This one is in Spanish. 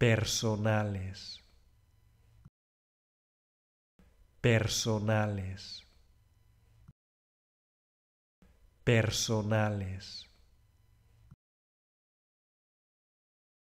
personales, personales, personales.